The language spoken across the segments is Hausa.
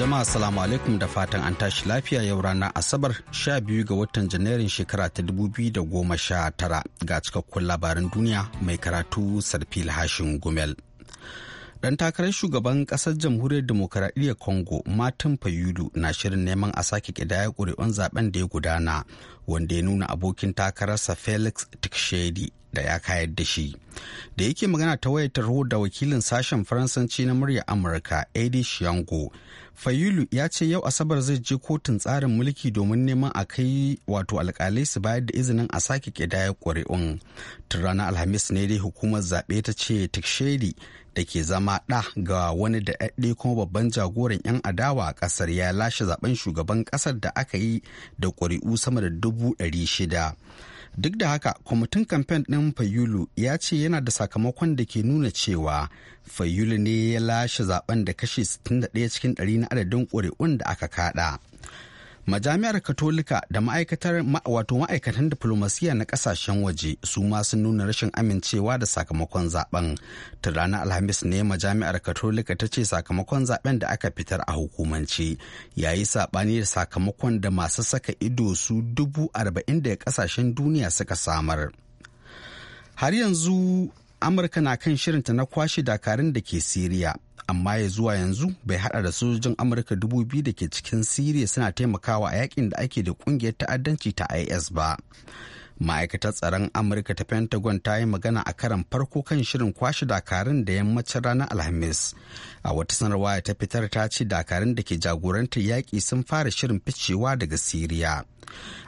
Jama'a salamu alaikum da fatan an tashi lafiya yau rana Asabar 12 ga watan Janairun shekara ta 2019 ga cikakkun labaran duniya mai karatu Sarfil Hashin Gumel. Dan takarar shugaban kasar jamhuriyar demokaradiyyar Congo Martin Fayulu na shirin neman a sake kidaya ƙuri'un zaben da ya gudana wanda ya nuna abokin takararsa Felix Tikshedi da ya kayar da shi. Da yake magana ta wayar tarho da wakilin sashen Faransanci na murya Amurka Eddie Shiango Fayulu ya ce yau Asabar zai je kotun tsarin mulki domin neman a kai wato alkalai su bayar da izinin a sake ƙidayar ƙuri'un. Tun ranar Alhamis ne dai hukumar zaɓe ta ce Tikshedi da ke zama ɗa ga wani da ɗaɗɗe kuma babban jagoran 'yan adawa a ƙasar ya lashe zaben shugaban ƙasar da aka yi da ƙuri'u sama da dubu ɗari shida. duk da haka kwamitin kamfen ɗin fayulu ya ce yana da sakamakon da ke nuna cewa fayulu ne ya lashe zaben da kashi 61 cikin 100 na adadin ƙuri'un da aka kada majami'ar katolika da ma'aikatar wato ma'aikatan diflomasiyya na kasashen waje su ma sun nuna rashin amincewa da sakamakon zaben ta ranar alhamis ne majami'ar katolika ta ce sakamakon zaben da aka fitar a hukumance yayi sabani da sakamakon da masu saka ido su dubu arba'in da kasashen duniya suka samar har yanzu amurka na kan shirinta na kwashe dakarun da ke siriya amma ya zuwa yanzu bai hada da sojojin amurka dubu biyu da ke cikin siriya suna taimakawa a yakin da ake da kungiyar ta'addanci ta is ba ma'aikatar tsaron amurka ta pentagon ta yi magana a karan farko kan shirin kwashe dakarun da yammacin ranar alhamis a wata sanarwa ta fitar ta ce dakarun da ke jagorantar yaƙi sun fara shirin ficewa daga siriya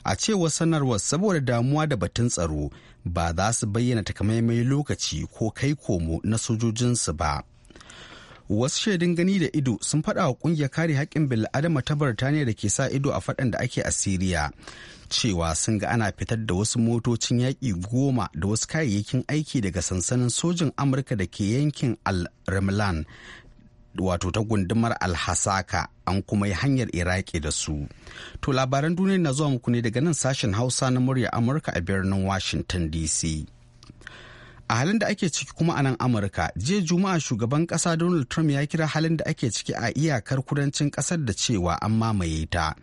a cewar sanarwar saboda damuwa da batun tsaro ba za su bayyana takamaimai lokaci ko kai komo na sojojinsu ba wasu shaidun gani da ido sun faɗa wa ƙungiyar kare haƙƙin bil'adama ta birtaniya da ke sa ido a faɗan da ake a siriya cewa sun ga ana fitar da wasu motocin yaƙi goma da wasu kayayyakin aiki daga sansanin sojin amurka da ke yankin al-ramlan wato ta gundumar alhasaka an kuma yi hanyar iraki da su to labaran duniya na zuwa muku ne daga nan sashen hausa na murya amurka a birnin washington dc a halin da ake ciki kuma a nan amurka jiya juma'a shugaban kasa donald trump ya kira halin da ake ciki a iyakar kudancin kasar da cewa an mamaye ta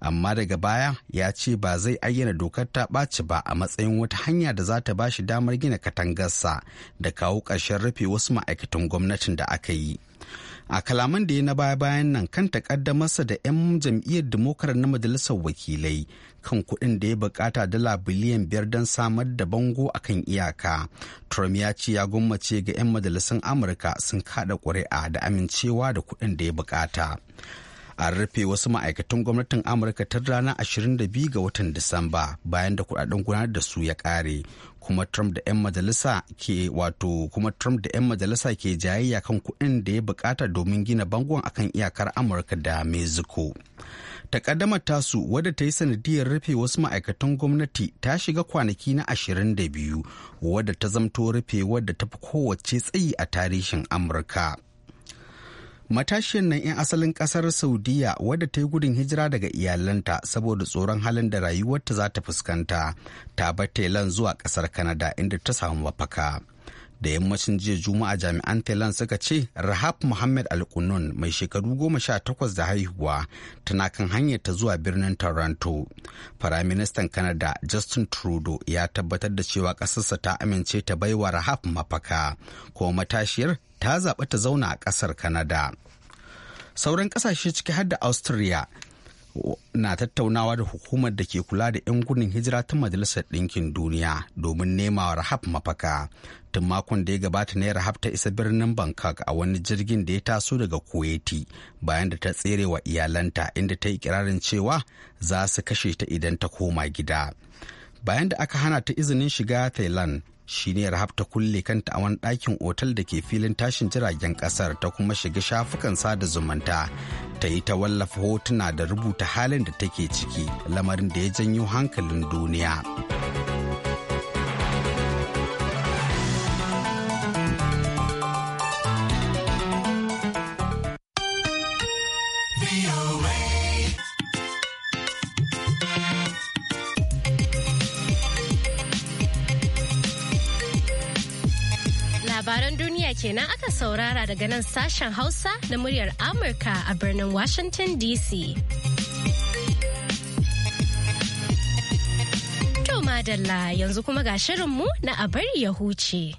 amma daga baya ya ce ba zai ayyana dokar ta ɓaci ba a matsayin wata hanya da za ta ba shi damar gina katangarsa da kawo ƙarshen rufe wasu ma'aikatan gwamnatin da aka yi a kalaman da ya na baya-bayan nan kan masa da 'yan jam'iyyar demokar na majalisar wakilai kan kuɗin da ya bukata dala biliyan biyar don samar da bango a kan iyaka trump ya ce ya gwammace ga 'yan majalisun amurka sun kada ƙuri'a da amincewa da kuɗin da ya bukata an rufe wasu ma'aikatan gwamnatin amurka ta ranar 22 ga watan disamba bayan da kudaden gudanar da su ya kare kuma Trump da 'yan majalisa ke wato kuma Trump da 'yan majalisa ke jayayya kan kuɗin da ya bukata domin gina bangon akan iyakar Amurka da Mexico. takaddama tasu wadda ta yi sanadiyar rufe wasu ma'aikatan gwamnati ta shiga kwanaki na 22 wadda ta zamto rufe wadda ta fi kowace tsayi a tarihin Amurka. Matashiyar nan 'yan asalin kasar Saudiya wadda ta yi gudun hijira daga iyalanta saboda tsoron halin da rayuwarta za ta fuskanta ta bar tailan zuwa kasar Kanada inda ta samu mafaka. da yammacin jiya juma'a jami'an thailand suka ce rahab muhammad alkunun mai shekaru goma sha takwas da haihuwa tana kan hanyar ta zuwa birnin toronto firaministan canada justin trudeau ya tabbatar da cewa ƙasarsa ta amince ta baiwa rahab mafaka kuma matashiyar ta zaɓi ta zauna a ƙasar canada sauran ƙasashe ciki har da austria na tattaunawa da hukumar da ke kula da 'yan gudun hijira ta majalisar ɗinkin duniya domin nema wa rahab mafaka tun makon da ya gabata ne rahab ta isa birnin bangkok a wani jirgin da ya taso daga kuwaiti bayan da ta tsere wa iyalanta inda ta yi kirarin cewa za su kashe ta idan ta koma gida bayan da aka hana ta izinin shiga thailand shi ne rahab kulle kanta a wani ɗakin otal da ke filin tashin jiragen ƙasar ta kuma shiga shafukan sada zumunta ta yi ta wallafa hotuna da rubuta halin da take ciki lamarin da ya janyo hankalin duniya. kenan aka saurara daga nan sashen Hausa na muryar Amurka a birnin Washington DC. To madalla yanzu kuma ga shirinmu na a ya huce.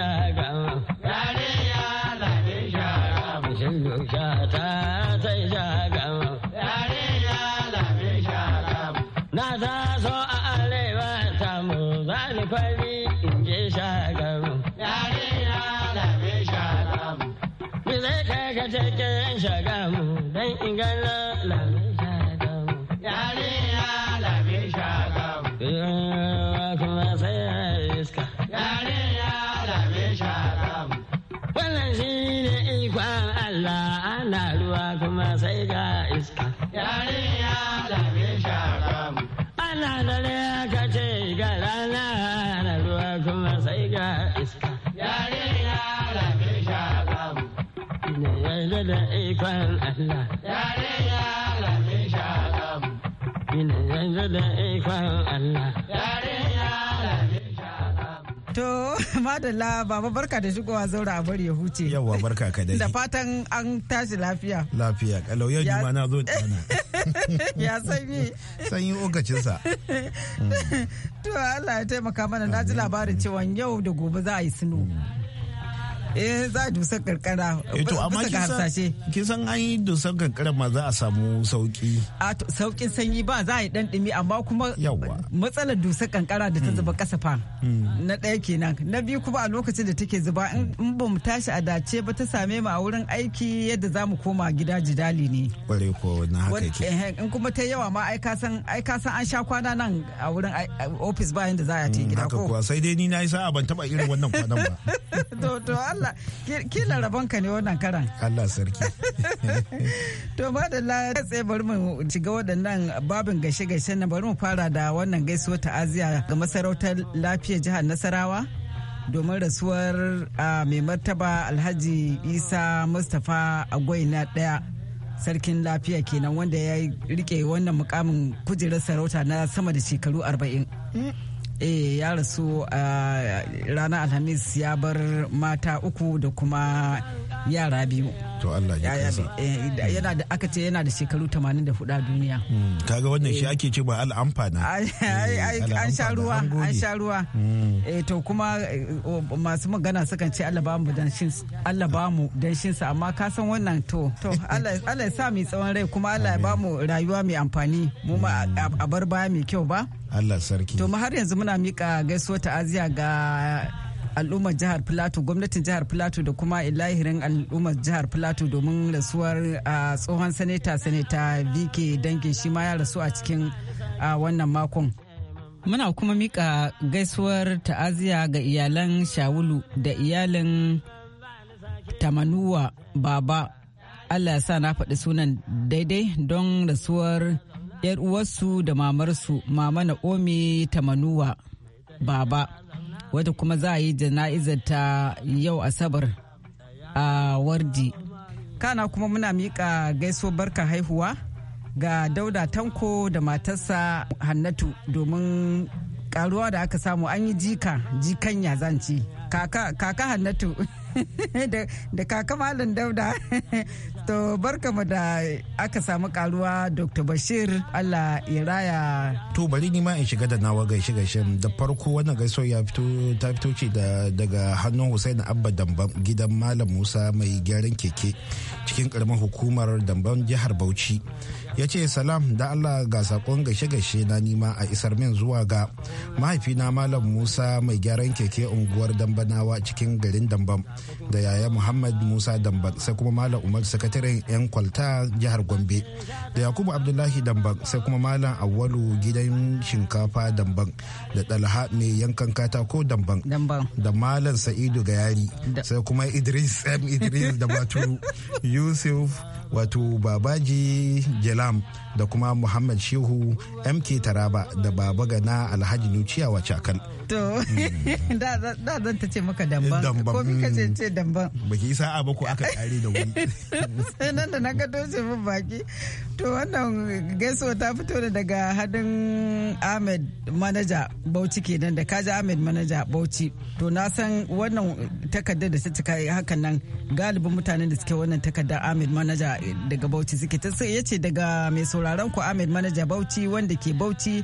shagama ikon Allah. Yare ya lami shagam. Ina yanzu da ikon Allah. Yare ya lamin To, madalla baba barka da shigowa zaura a bari ya huce. Yawwa barka ka dai. Da fatan an tashi lafiya. Lafiya, kalau yau juma na zo tsana. Ya sanyi. Sanyi okacinsa. To, Allah ya taimaka mana na ji labarin cewa yau da gobe za a yi suno. Mm. eh za a dusar karkara eh, to amma kin san kin san an yi dusar karkara ma za a samu sauki a saukin sanyi ba za a yi dan dumi amma kuma matsalar dusar karkara da ta hmm. zuba kasa fa hmm. na ɗaya kenan na biyu kuma a lokacin da take zuba in ba mu tashi a dace ba ta same mu a wurin aiki yadda za mu koma gida jidali ne kware ko na haka ke eh, in kuma ta yawa ma ai ka san ai ka san an sha kwana nan a wurin office bayan da za a ta hmm, gida ko haka kuwa sai dai ni na yi sa'a ban taba irin wannan kwanan ba to to Allah kila ka ne wannan karan. Allah sarki. To ba da la tsaye bari mu shiga waɗannan babin gashe-gashe na bari mu fara da wannan gaisuwa ta'aziya ga masarautar lafiyar jihar Nasarawa. domin rasuwar mai martaba alhaji isa mustapha agwai na daya sarkin lafiya kenan wanda ya rike wannan mukamin kujerar sarauta na sama da shekaru arba'in. Mm. eh ya rasu a ranar alhamis ya bar mata uku da kuma yara biyu to Allah ya eh, yana da aka ce yana da shekaru 84 a duniya hmm, kaga wannan shi ake ce ba al'amfana an sha ruwa an sha ruwa eh to kuma eh, masu magana sukan ce Allah ba mu danshin Allah sa amma ka san wannan to to Allah ya sa mu tsawon rai kuma Allah ya ba mu rayuwa mai amfani mu ma a bar baya mai kyau ba Allah sarki. To har yanzu muna mika gaisuwa ta'aziya ga al'ummar jihar Filato gwamnatin jihar Filato da kuma ilahirin al'ummar jihar Filato domin rasuwar tsohon sanata sanata VK dangin shi ma ya rasu a cikin wannan makon. Muna kuma mika gaisuwar ta'aziya ga iyalan Shawulu da iyalin Tamanuwa Baba. Allah ya sa na faɗi sunan daidai don rasuwar 'yar uwarsu da mamarsu mama Naomi Tamanuwa baba wata kuma za a yi jana'izar ta yau asabar a wardi. Kana kuma muna miƙa gaiso barka haihuwa ga dauda tanko da matarsa hannatu domin karuwa da aka samu an yi jika jikanya zanci kaka, kaka hannatu da kaka malam dauda To barkamu da aka samu karuwa Dr. Bashir Allah ya raya. To bari ni ma in shiga da nawa gaishe gaishen da farko wannan gaiso ya fito ta fito ce daga hannun Hussein Abba Damban gidan Malam Musa mai gyaran keke cikin karamin hukumar Damban jihar Bauchi. Ya ce salam da Allah ga sakon gaishe gaishe na nima a isar min zuwa ga mahaifina Malam Musa mai gyaran keke unguwar Dambanawa cikin garin Damban da yaya Muhammad Musa Damban sai kuma Malam Umar sakatare sakataren 'yan kwalta jihar gombe da yakubu abdullahi damban sai kuma malam awalu gidan shinkafa damban da dalha mai yankan katako damban da malam sa'idu gayari sai kuma idris m idris da batu yusuf wato babaji jalam da kuma muhammad shehu mk taraba da baba gana alhaji nuciya wa cakal to hmm. da zan ta ce maka damban ko mika ce ce damban baki sa'a ba ko aka tsare da wani nan da na ga sai min baki To wannan gaisuwa ta fito da daga hadin Ahmed manaja Bauchi kenan da kaji Ahmed manaja Bauchi. To na san wannan takarda da ta cika hakan nan galibin mutanen da suke wannan takarda Ahmed manaja daga Bauchi suke ta sai yace daga mai sauraron ku Ahmed manaja Bauchi wanda ke Bauchi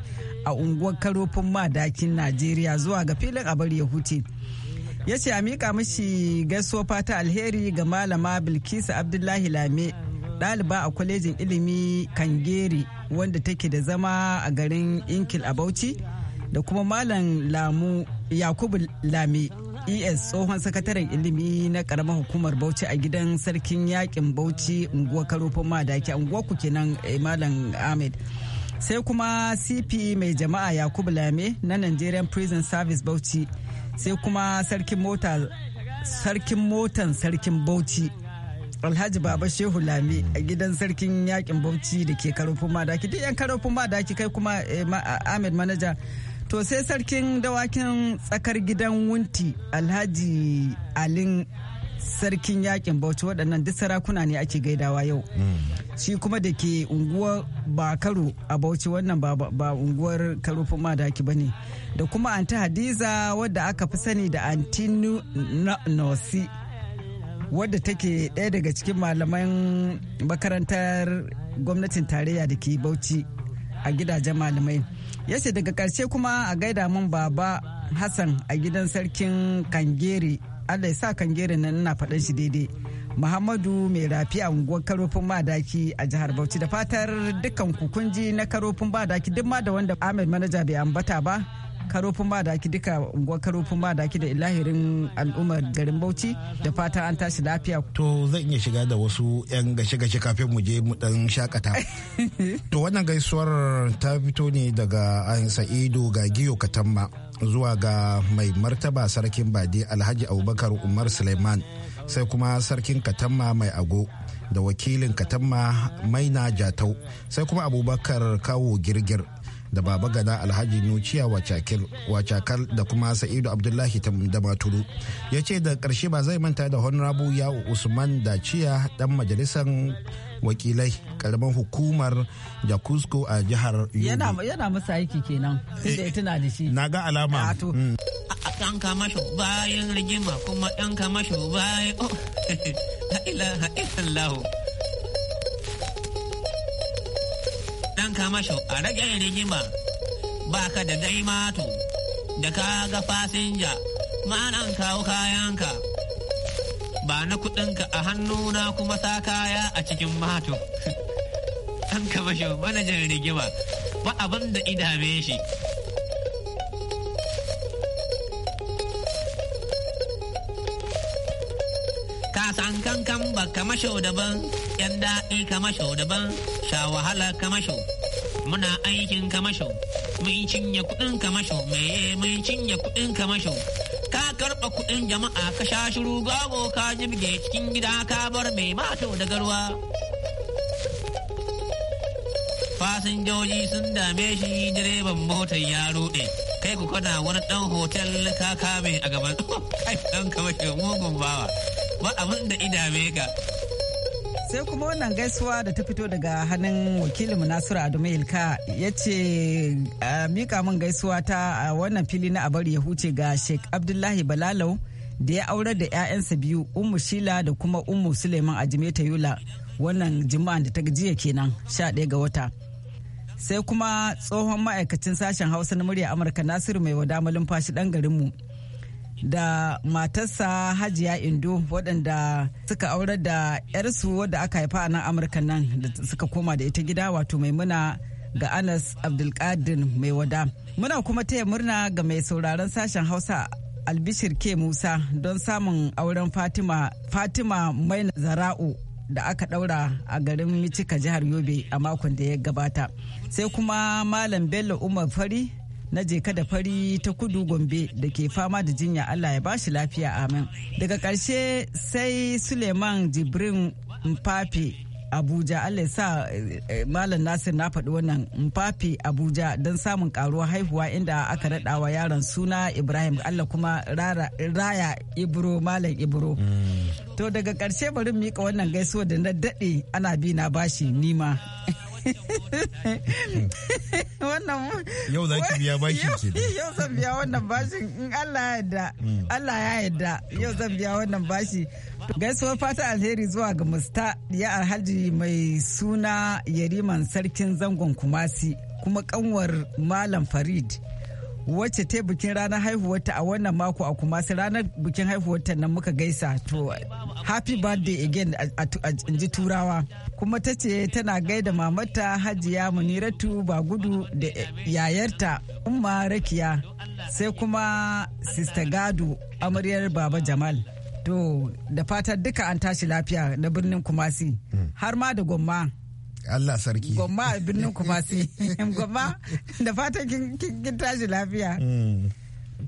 a unguwar Karofin Madakin Najeriya zuwa ga filin abar ya huce. ya ce a miƙa mashi gaisuwa fata alheri ga malama bilkisu abdullahi lame ɗaliba a kwalejin ilimi kangeri wanda take da zama a garin inkil a bauchi da kuma malam lamu yakubu lami es tsohon sakataren ilimi na karamar hukumar bauchi a gidan sarkin yakin bauchi unguwar karofin madaki unguwa ku kenan eh, malam ahmed sai kuma cp mai jama'a yakubu lame na nigerian prison service bauchi sai kuma sarkin motan sarkin bauchi alhaji baba shehu lami a gidan sarkin yakin bauchi da ke karofin madaki duk yan karofin madaki kai kuma eh, ahmed manaja to sai sarkin dawakin tsakar gidan wunti alhaji alin sarkin yakin bauchi waɗannan duk sarakuna ne ake gaidawa yau hmm. shi kuma da ke unguwar bakaro a bauchi wannan ba unguwar karofin madaki ba ne da kuma anti hadiza wadda aka fi sani da anti nosi wadda take ɗaya daga cikin malaman makarantar gwamnatin tarayya da ke bauchi a gidajen malamai ya ce daga ƙarshe kuma a gaida mun baba hassan a gidan sarkin kangere allah ya sa kangere nan ina faɗan shi daidai muhammadu mai rafi a unguwar karofin madaki a jihar bauchi da fatar dukkan kukunji na karofin madaki duk ma da wanda ahmed manaja bai ambata ba karofin madaki duka unguwar karofin madaki da ilahirin al'ummar garin bauchi da fatan an tashi lafiya to zan iya shiga da wasu yan gashe-gashe kafin mu je mu dan shakata to wannan gaisuwar ta fito ne daga an sa'ido ga giyo katamma zuwa ga mai martaba sarkin bade alhaji abubakar umar suleiman sai kuma sarkin katamma mai ago da wakilin katamma maina jatau sai kuma abubakar kawo girgir da baba gada alhaji nuciya wacakar da kuma sa'idu abdullahi da maturu ya ce da karshe ba zai manta da honorable yawo usman daciya dan majalisar wakilai karamin hukumar jakusko a jihar yana masa aiki kenan ya eh, tuna da shi na ga alama ah, hmm. an kama shi bayan rigima kuma yan kama shi bayan oh, ha'ila ha'ila illallah yanka masho a rage rigima ba ka da gaimato da ka ga fasinja ma'anan kawo kayanka ba na kuɗinka a hannu na kuma sa kaya a cikin mato an kama shi manajan rigima ba abin da idame shi san kankan ba masho daban yan daɗi masho daban sha wahala kamasho muna aikin kamasho mun cinye kuɗin kamasho meye mun cinye kuɗin kamasho ka karba kuɗin jama'a ka sha shiru gago ka jibge cikin gida ka bar mai mato da garwa fasinjoji sun dame shi direban motar ya rude kai ku kana wani ɗan hotel ka kame a gaban kai dan kamashin mugun bawa ba abin da idame ka sai kuma wannan gaisuwa da ta fito daga hannun wakilinmu nasiru adamu ilka ya ce mika min gaisuwa ta a wannan fili na abar ya huce ga sheik abdullahi balalau da ya aurar da 'ya'yansa biyu umu shila da kuma ummu suleiman ajime ta yula wannan juma'an da ta jiya kenan sha 11 ga wata sai kuma tsohon ma'aikacin sashen hausa na murya amurka nasiru mai wada malumfashi dan garinmu da matarsa hajiya indo waɗanda suka aurar da 'yarsu wadda aka haifa a nan amurka nan da suka koma da ita gida wato maimuna ga anas abdulkadir mai wada muna kuma taya murna ga mai sauraron sashen hausa albishir ke musa don samun auren fatima fatima mai zara'u da aka ɗaura a garin micika jihar yobe a makon da ya gabata sai kuma malam bello umar fari na jeka da fari ta kudu gombe da ke fama da jinya allah ya bashi lafiya amin daga karshe sai suleiman jibrin mfafi abuja allah sa eh, malam nasir na faɗi wannan mfafi abuja don samun karuwar haihuwa inda aka raɗawa yaron suna ibrahim allah kuma raya ibro malam ibro mm. to daga karshe bari mika wannan gaisuwa da na daɗe ana bi na bashi nima wannan yau za ki biya bashin ce yau zan biya wannan bashin in Allah ya yarda hmm. Allah ya yarda yau zan biya wannan bashi gaisuwar fata alheri zuwa ga musta ya alhaji mai suna yariman sarkin zangon kumasi kuma kanwar malam farid wacce ta bikin ranar haihuwarta a wannan mako a kumasi ranar bikin haihuwarta nan muka gaisa to happy birthday again a ji turawa kuma ta ce tana gaida mamata hajiya muniratu ba gudu da yayarta umma rakiya sai kuma sister gado amaryar baba jamal to da fatan duka an tashi lafiya na birnin kumasi hmm. har ma da gwamma Allah sarki gwamma a birnin kumasi gwamma da fatan kin tashi lafiya hmm.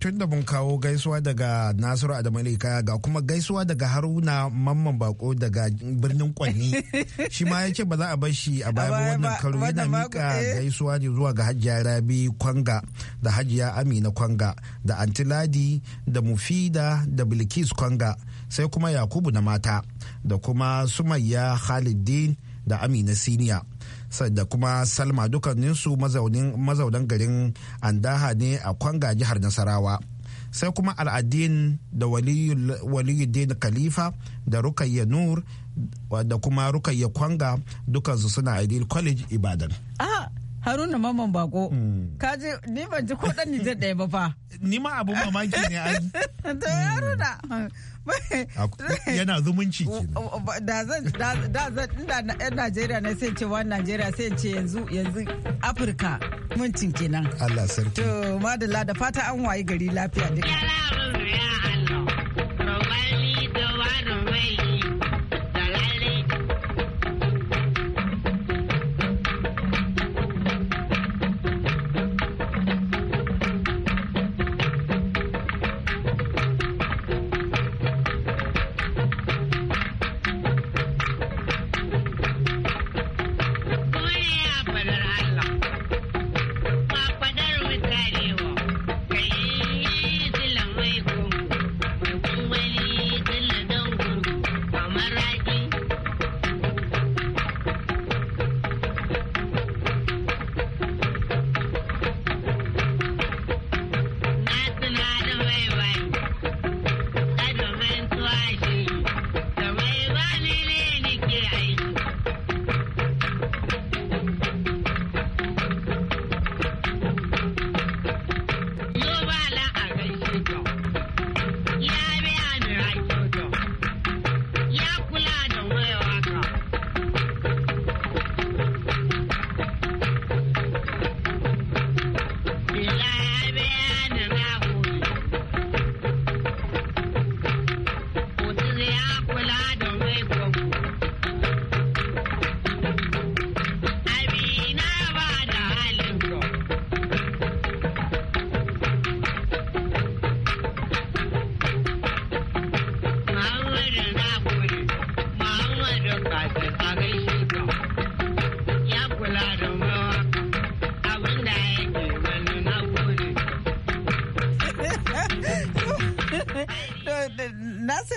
tun da mun kawo gaisuwa daga nasiru Adamu kaya ga kuma gaisuwa daga haruna mamman bako daga birnin kwanni shi ma ya ce ba za a bar shi a baya wannan karo yana mika eh. gaisuwa ne zuwa ga hajiya rabi kwanga da hajiya amina kwanga da antiladi da mufida da bilkis kwanga sai kuma yakubu na mata da kuma sumayya khalidin da amina siniya da kuma salma dukkaninsu mazaunan garin andaha ne a kwanga jihar nasarawa sai kuma al'adin da waliyuddin khalifa da rukayya nur da kuma rukayya kwanga dukansu suna ideal college ibadan ah haruna maman bako hmm. ka je ni ban ji ko dan nijar ɗaya ba fa ni ma abun mamaki ne ai to haruna yana zumunci da zan da zan da yan Najeriya na sai ce Najeriya sai ce yanzu yanzu Afirka muncin kenan Allah sarki to madalla da fata an wayi gari lafiya duka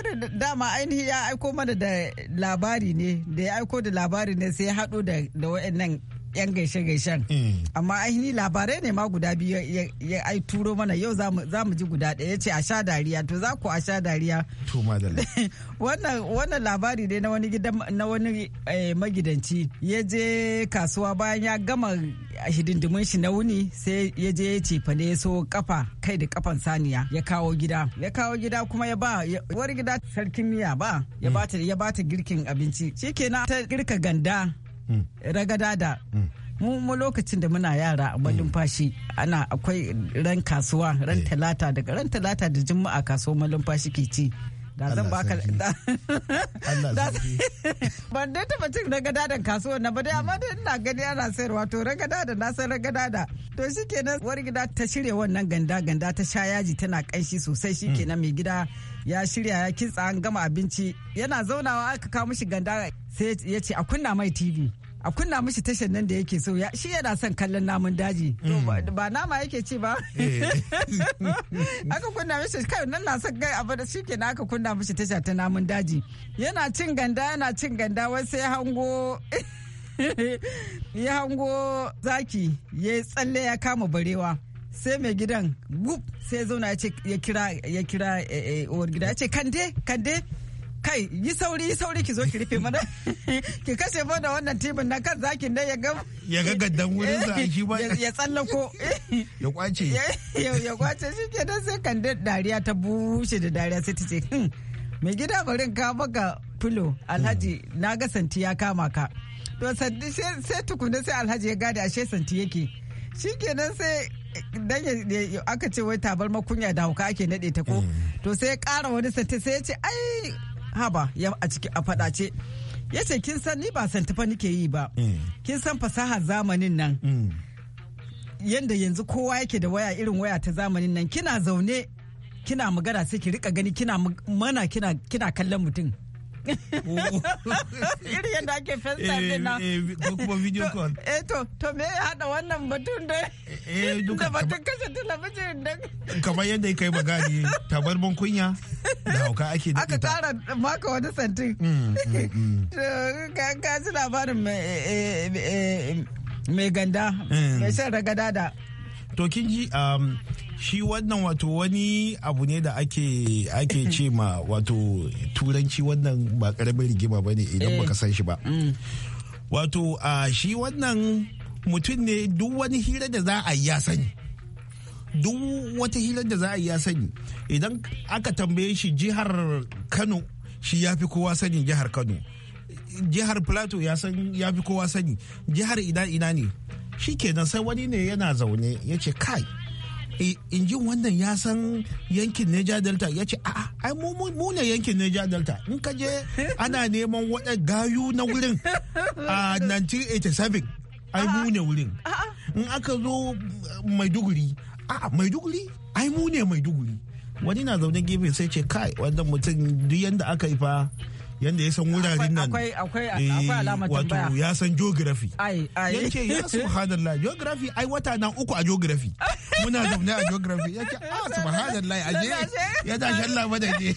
da dama ainihi ya aiko mana da labari ne da ya aiko da labari ne sai ya haɗo da waɗannan yan gaishe-gaishen hmm. amma ainihi labarai ne ma guda biyu ya ai turo mana yau za mu ji guda ɗaya ce a sha dariya to za ku a sha dariya wannan labari ne na wani na wani eh, magidanci ya je kasuwa bayan ya gama hidindimin shi na wuni sai ya je ya ce ne ya so kafa kai da kafan saniya ya kawo gida ya kawo gida kuma ya ba wani gida sarkin miya ba ya hmm. ba ta girkin abinci shikenan ta girka ganda ragadada mu lokacin da muna yara a malumfashi ana akwai ran kasuwa ran eh. talata daga ran talata da juma'a kasuwar malumfashi ke ci da zan baka ban dai taba cin ragada da kasuwar na ba dai amma dai ina gani ana sayarwa to ragada da na san ragada da to shikenan war gida ta shirya wannan ganda ganda ta sha yaji tana kanshi sosai shikenan mai gida ya shirya ya kitsa an gama abinci yana zaunawa aka kawo mishi ganda sai ya ce a kunna mai tv a kunna mishi tashar nan da yake so shi yana son kallon namun daji mm. ba nama yake ci ba eh. aka kunna mishi kai nan na son gai abu da shi kenan aka kunna mishi tasha ta namun daji yana cin ganda yana cin ganda wai sai hango ya hango zaki ya tsalle ya kama barewa sai mai gidan gup sai ya zauna ya kira ya kira eh, eh, uwar gida ya ce kande kande kai yi sauri yi sauri ki zo ki rufe mana ki kashe mana wannan timin na kan zakin da ya ga ya ga gaddan wurin sa shi ba ya tsallako ya kwace ya kwace shi ke dan sai kan dariya ta bushe da dariya sai ta ce hmm, mai gida barin ka maka filo alhaji hmm. na ga santi ya kama ka to sai tukuna sai alhaji ya gada ashe santi yake shi sai dan aka ce wai tabar makunya da hauka ake nade ta ko hmm. to sai ya kara wani sata sai ya ce ai haba ya a ciki a fadace ya kin san ni ba santifa nike yi ba eh. kin san fasahar zamanin nan mm. yanda yanzu kowa yake da waya irin waya ta zamanin nan kina zaune kina magana sai ki rika gani kina mana kina kallon mutum iri yadda ake fesa eh, din na eh, ko kuma video call eh to to me ya hada wannan batun da eh, da batun kashe talabijin da kamar yadda kai magani tabar ban kunya da hauka ake da aka kara maka wani santin mm, mm, mm. ka ji labarin mai ganda mai shan ragada da to kin ji um, shi wannan wato wani abu ne da ake ake mm-hmm. ce ma wato turanci wannan ba karamin rigima ba ne idan baka eh. san shi ba mm. wato a shi wannan mutum ne duk wani hira da za a yi ya sani duk wata hira da za a yi ya sani idan aka tambaye shi jihar kano shi ya fi kowa sani jihar kano jihar plateau ya fi kowa sani jihar ina ina ne shi kenan sai wani ne yana zaune ya ce kai injin wannan ya san yankin Niger Delta ya ce a'a ai mu ne yankin Niger Delta in ka je ana neman wadai gayu na wurin a 1987 ai mu ne wurin in aka zo Maiduguri a'a Maiduguri ai mu ne Maiduguri wani na zaune gefe sai ce kai wannan mutum duk yanda aka yi fa yanda ya san wuraren nan eh, wato ya san geography yake ya subhanallah geography ai wata na uku a geography muna zaune a geography yake ah subhanallah aje ya da shalla bada ne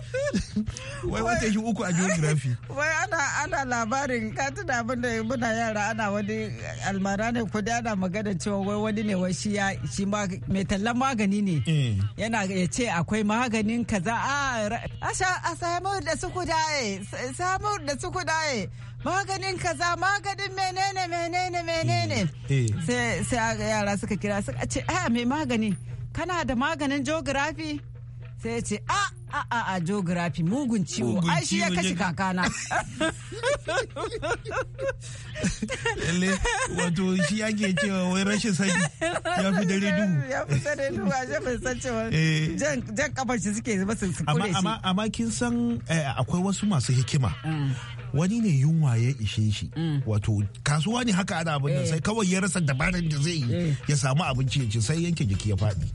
wai wata shi uku a geography wai ana ana labarin ka tuna abinda muna yara ana wani almara ne ko da ana magana cewa wai wani ne wai shi ya shi ma mai tallan magani ne eh. yana ya ce akwai maganin kaza ah, a a sa da su kudaye samur da su kudaye maganin kaza maganin menene menene menene eh, eh. sai yara suka kira suka ce a ah, mai magani kana da maganin geography sai ya ce a a a a geography mugun ciwo ai shi ya kashe kakana lalle wato shi ake cewa wai rashin sani ya fi dare duhu ya fi dare duhu a shafin san cewa eh. jan kafar shi suke zuba su kure shi amma kin san eh, akwai wasu masu hikima mm. wani ne yunwa ya ishe shi mm. wato kasuwa ne haka ana abin eh. sai kawai ya rasa dabarar da zai yi ya samu abinci ya ci sai yanke jiki ya faɗi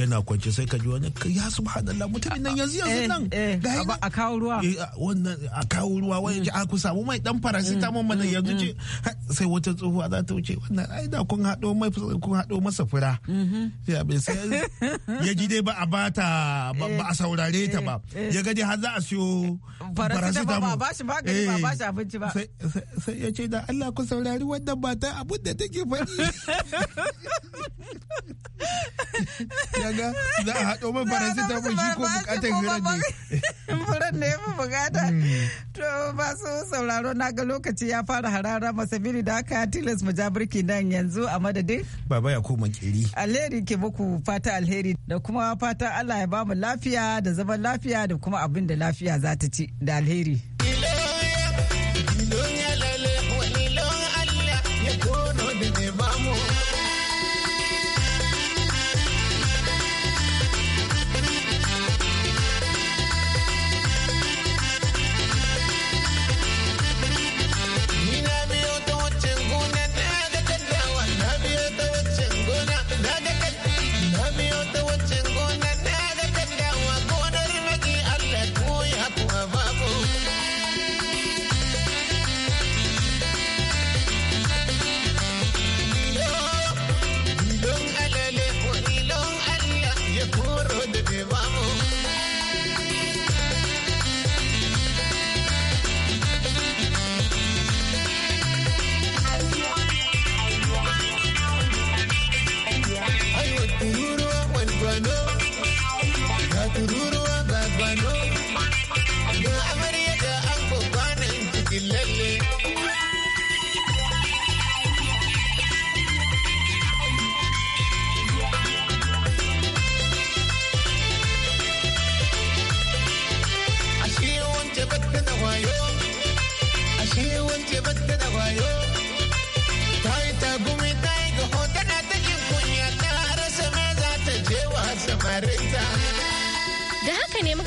yana kwance sai ka ji wani ya subhanallah mutumin nan yanzu yanzu eh, eh, nan a kawo ruwa eh, wannan a kawo ruwa wai a ku samu mai dan paracetamol mana mm, mm, yanzu ce mm. sai wata tsohuwa za ta wuce wannan ai da kun hado mai kun hado masa fura mm-hmm. ya bai sai ya ji dai ba a bata ba a saurare ta ba ya gaji har za a siyo paracetamol ba shi magani ba ba shi abinci ba sai ya ce da Allah ku saurari wannan ba ta abin da take faɗi yanga za a haɗo mai paracetamol shi ko bukatar hirar ne furan ne fi bukata hmm. to masu sauraro na ga lokaci ya fara harara masabiri da aka tilas mu ja birki nan yanzu a madadin baba ya koma kiri alheri ke muku fata alheri da kuma fata Allah ya bamu lafiya da zaman lafiya da kuma abin da lafiya za ta ci da alheri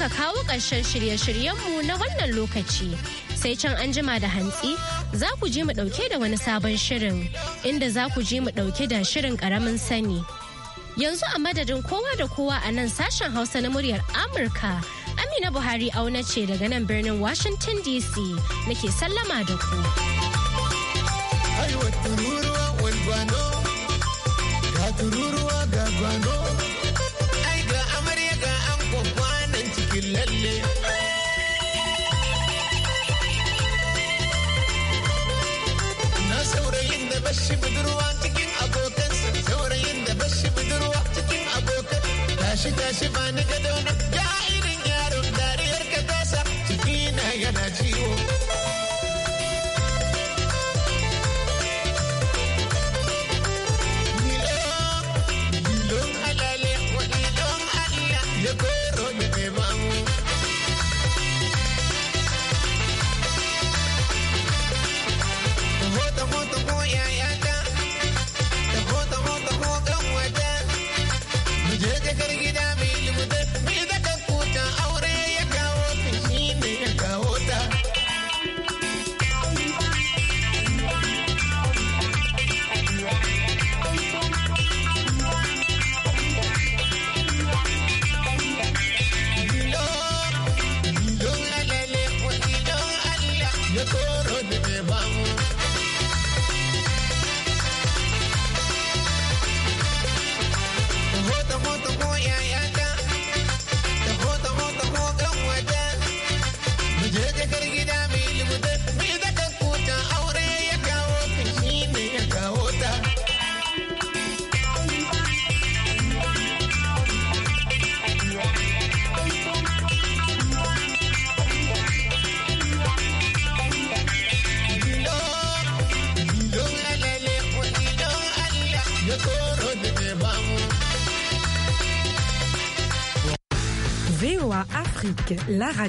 muka kawo ƙarshen shirye-shiryenmu na wannan lokaci. Sai can an jima da hantsi za ku ji mu ɗauke da wani sabon shirin inda za ku ji mu ɗauke da shirin ƙaramin sani. Yanzu a madadin kowa da kowa a nan sashen Hausa na muryar Amurka, Amina Buhari auna ce daga nan birnin Washington DC nake sallama da ku. Aiwa tururuwa ga gwano. bashi budurwa cikin abokan saurayin da bashi budurwa cikin abokan tashi tashi ba ni gadona ya irin yaron dariyar ka tasa ciki na yana ciwo la radio.